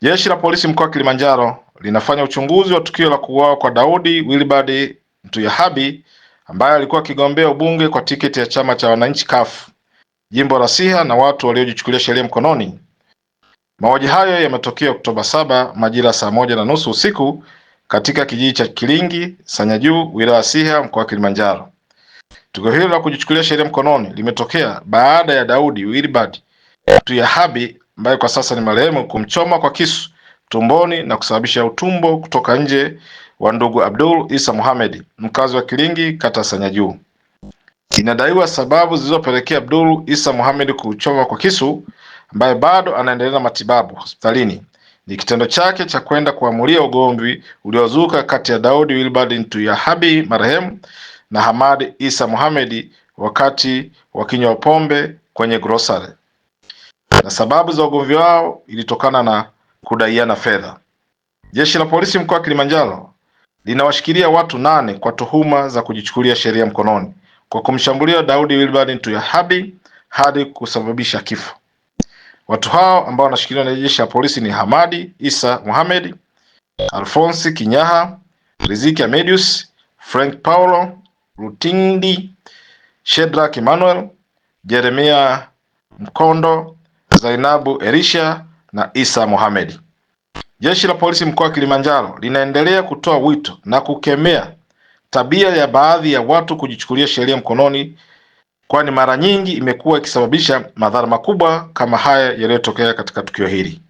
Jeshi la polisi mkoa wa Kilimanjaro linafanya uchunguzi wa tukio la kuuawa kwa Daudi Wilbard Ntuyehabi ambaye alikuwa akigombea ubunge kwa tiketi ya chama cha wananchi CUF jimbo la Siha na watu waliojichukulia sheria mkononi. Mauaji hayo yametokea Oktoba saba majira saa moja na nusu usiku katika kijiji cha Kilingi Juu, wilaya Siha mkoa wa Kilimanjaro. Tukio hilo la kujichukulia sheria mkononi limetokea baada ya Daudi Wilbard Ntuyehabi ambaye kwa sasa ni marehemu kumchoma kwa kisu tumboni na kusababisha utumbo kutoka nje wa ndugu Abdul Isa Mohamed mkazi wa Kilingi kata Juu. Inadaiwa sababu zilizopelekea Abdul Isa Mohamed kuchoma kwa kisu ambaye bado anaendelea na matibabu hospitalini ni kitendo chake cha kwenda kuamulia ugomvi uliozuka kati ya Daudi Wilbard Ntuyahabi marehemu na Hamadi Isa Mohamed wakati wakinywa pombe kwenye grocery na sababu za ugomvi wao ilitokana na kudaiana fedha. Jeshi la polisi mkoa wa Kilimanjaro linawashikilia watu nane kwa tuhuma za kujichukulia sheria mkononi kwa kumshambulia Daudi Wilbard Ntuyehabi hadi kusababisha kifo. Watu hao ambao wanashikiliwa na jeshi la polisi ni Hamadi Isa Mohamed, Alfonsi Kinyaha, Riziki Amedius, Frank Paulo Rutindi, Shedrack Emmanuel, Jeremia Mkondo Zainabu Elisha na Isa Mohamed. Jeshi la polisi mkoa wa Kilimanjaro linaendelea kutoa wito na kukemea tabia ya baadhi ya watu kujichukulia sheria mkononi, kwani mara nyingi imekuwa ikisababisha madhara makubwa kama haya yaliyotokea katika tukio hili.